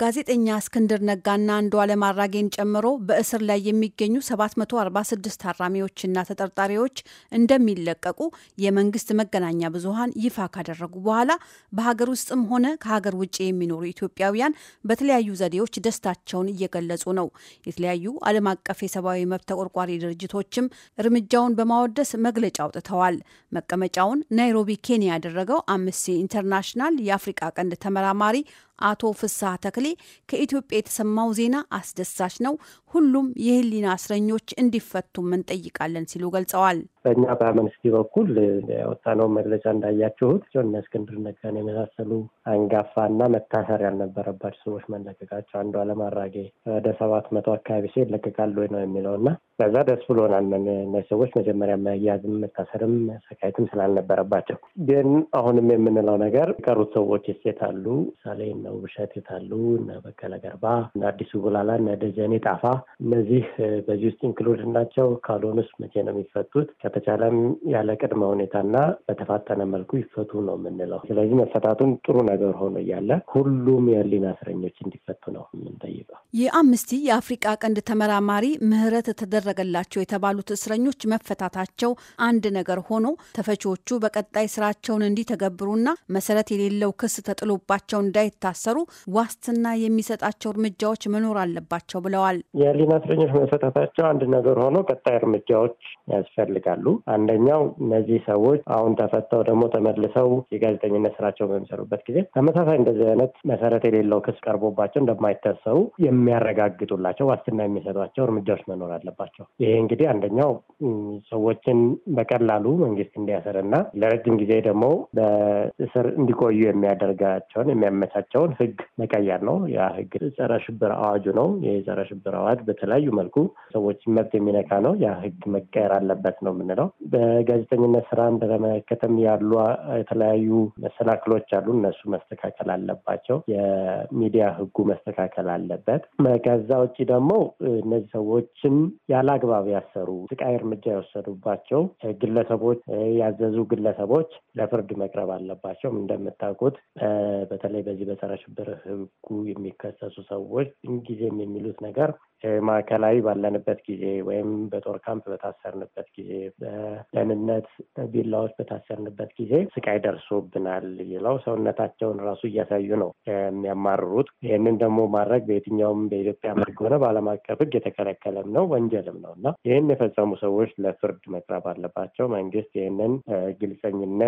ጋዜጠኛ እስክንድር ነጋና አንዱዓለም አራጌን ጨምሮ በእስር ላይ የሚገኙ 746 ታራሚዎችና ተጠርጣሪዎች እንደሚለቀቁ የመንግስት መገናኛ ብዙሀን ይፋ ካደረጉ በኋላ በሀገር ውስጥም ሆነ ከሀገር ውጭ የሚኖሩ ኢትዮጵያውያን በተለያዩ ዘዴዎች ደስታቸውን እየገለጹ ነው። የተለያዩ ዓለም አቀፍ የሰብአዊ መብት ተቆርቋሪ ድርጅቶችም እርምጃውን በማወደስ መግለጫ አውጥተዋል። መቀመጫውን ናይሮቢ ኬንያ ያደረገው አምነስቲ ኢንተርናሽናል የአፍሪቃ ቀንድ ተመራማሪ አቶ ፍስሐ ተክሌ ከኢትዮጵያ የተሰማው ዜና አስደሳች ነው፣ ሁሉም የህሊና እስረኞች እንዲፈቱም እንጠይቃለን ሲሉ ገልጸዋል። በእኛ በአምነስቲ በኩል ያወጣነው መግለጫ እንዳያችሁት እነ እስክንድር ነጋን የመሳሰሉ አንጋፋ እና መታሰር ያልነበረባቸው ሰዎች መለቀቃቸው፣ አንዱዓለም አራጌ ወደ ሰባት መቶ አካባቢ ሰው ይለቀቃሉ ነው የሚለው እና በዛ ደስ ብሎናል። እነዚህ ሰዎች መጀመሪያ መያዝም መታሰርም ሰቃየትም ስላልነበረባቸው። ግን አሁንም የምንለው ነገር የቀሩት ሰዎች የት አሉ? ምሳሌ እነ ውብሸት የታሉ እነ በቀለ ገርባ፣ እነ አዲሱ ጉላላ፣ እነ ደጀኔ ጣፋ እነዚህ በዚህ ውስጥ ኢንክሉድ ናቸው። ካልሆኑስ መቼ ነው የሚፈቱት? ከተቻለም ያለ ቅድመ ሁኔታና በተፋጠነ መልኩ ይፈቱ ነው የምንለው። ስለዚህ መፈታቱን ጥሩ ነገር ሆኖ እያለ ሁሉም የህሊና እስረኞች እንዲፈቱ ነው የአምስቲ የአፍሪቃ ቀንድ ተመራማሪ ምህረት ተደረገላቸው የተባሉት እስረኞች መፈታታቸው አንድ ነገር ሆኖ ተፈቺዎቹ በቀጣይ ስራቸውን እንዲተገብሩና መሰረት የሌለው ክስ ተጥሎባቸው እንዳይታሰሩ ዋስትና የሚሰጣቸው እርምጃዎች መኖር አለባቸው ብለዋል። የህሊና እስረኞች መፈታታቸው አንድ ነገር ሆኖ ቀጣይ እርምጃዎች ያስፈልጋሉ። አንደኛው እነዚህ ሰዎች አሁን ተፈተው ደግሞ ተመልሰው የጋዜጠኝነት ስራቸው በሚሰሩበት ጊዜ ተመሳሳይ እንደዚህ አይነት መሰረት የሌለው ክስ ቀርቦባቸው እንደማይታሰሩ የሚያረጋግጡላቸው ዋስትና የሚሰጧቸው እርምጃዎች መኖር አለባቸው። ይሄ እንግዲህ አንደኛው ሰዎችን በቀላሉ መንግስት እንዲያስር እና ለረጅም ጊዜ ደግሞ በእስር እንዲቆዩ የሚያደርጋቸውን የሚያመቻቸውን ህግ መቀየር ነው። ያ ህግ ጸረ ሽብር አዋጁ ነው። ይህ ጸረ ሽብር አዋጅ በተለያዩ መልኩ ሰዎችን መብት የሚነካ ነው። ያ ህግ መቀየር አለበት ነው የምንለው። በጋዜጠኝነት ስራን በተመለከተም ያሉ የተለያዩ መሰናክሎች አሉ። እነሱ መስተካከል አለባቸው። የሚዲያ ህጉ መስተካከል አለበት። ከዛ ውጭ ደግሞ እነዚህ ሰዎችን ያለ አግባብ ያሰሩ ስቃይ እርምጃ የወሰዱባቸው ግለሰቦች ያዘዙ ግለሰቦች ለፍርድ መቅረብ አለባቸው። እንደምታውቁት በተለይ በዚህ በጸረ ሽብር ሕጉ የሚከሰሱ ሰዎች ጊዜም የሚሉት ነገር ማዕከላዊ ባለንበት ጊዜ ወይም በጦር ካምፕ በታሰርንበት ጊዜ፣ በደህንነት ቢላዎች በታሰርንበት ጊዜ ስቃይ ደርሶብናል ይለው ሰውነታቸውን ራሱ እያሳዩ ነው የሚያማርሩት። ይህንን ደግሞ ማድረግ በየትኛውም በኢትዮጵያ ሕግ ሆነ በዓለም አቀፍ ሕግ የተከለከለም ነው ወንጀልም ነው እና ይህን የፈጸሙ ሰዎች ለፍርድ መቅረብ አለባቸው። መንግስት ይህንን ግልጸኝነት፣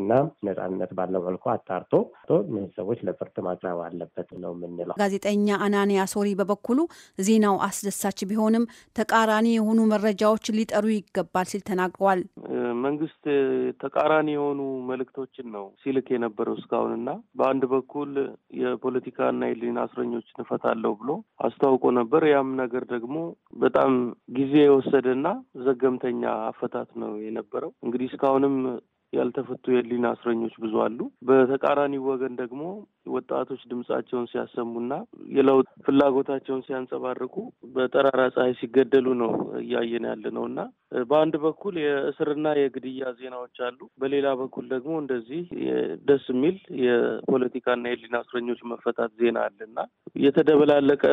እና ነጻነት ባለው መልኩ አጣርቶ እነዚህ ሰዎች ለፍርድ ማቅረብ አለበት ነው የምንለው። ጋዜጠኛ አናንያ ሶሪ በበኩሉ ዜናው አስደሳች ቢሆንም ተቃራኒ የሆኑ መረጃዎች ሊጠሩ ይገባል ሲል ተናግረዋል። መንግስት ተቃራኒ የሆኑ መልእክቶችን ነው ሲልክ የነበረው እስካሁን እና በአንድ በኩል የፖለቲካና የሕሊና እስረኞችን እፈታለሁ ብሎ አስታውቆ ነበር። ያም ነገር ደግሞ በጣም ጊዜ የወሰደና ዘገምተኛ አፈታት ነው የነበረው። እንግዲህ እስካሁንም ያልተፈቱ የህሊና እስረኞች ብዙ አሉ። በተቃራኒ ወገን ደግሞ ወጣቶች ድምጻቸውን ሲያሰሙና የለውጥ ፍላጎታቸውን ሲያንጸባርቁ በጠራራ ፀሐይ ሲገደሉ ነው እያየን ያለ ነው እና በአንድ በኩል የእስርና የግድያ ዜናዎች አሉ። በሌላ በኩል ደግሞ እንደዚህ ደስ የሚል የፖለቲካና የህሊና እስረኞች መፈታት ዜና አለና የተደበላለቀ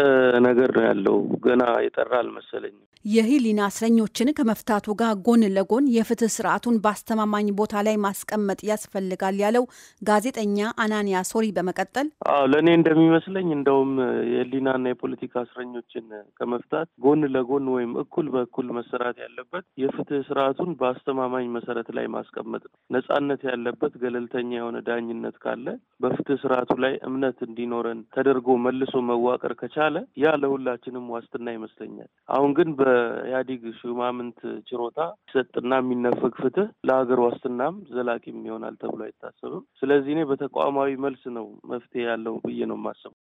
ነገር ነው ያለው። ገና የጠራ አልመሰለኝም። የህሊና እስረኞችን ከመፍታቱ ጋር ጎን ለጎን የፍትህ ስርዓቱን በአስተማማኝ ቦታ ላይ ማስቀመጥ ያስፈልጋል ያለው ጋዜጠኛ አናንያ ሶሪ በመቀጠል ለእኔ እንደሚመስለኝ እንደውም የህሊናና የፖለቲካ እስረኞችን ከመፍታት ጎን ለጎን ወይም እኩል በእኩል መሰራት ያለበት የፍትህ ስርዓቱን በአስተማማኝ መሰረት ላይ ማስቀመጥ ነው። ነጻነት ያለበት ገለልተኛ የሆነ ዳኝነት ካለ በፍትህ ስርዓቱ ላይ እምነት እንዲኖረን ተደርጎ መልሶ መዋቀር ከቻለ ያ ለሁላችንም ዋስትና ይመስለኛል። አሁን ግን በኢህአዴግ ሹማምንት ችሮታ ሰጥና የሚነፈግ ፍትህ ለሀገር ዋስትናም አይሆንም፣ ዘላቂም ይሆናል ተብሎ አይታሰብም። ስለዚህ እኔ በተቋማዊ መልስ ነው መፍትሄ ያለው ብዬ ነው የማስበው።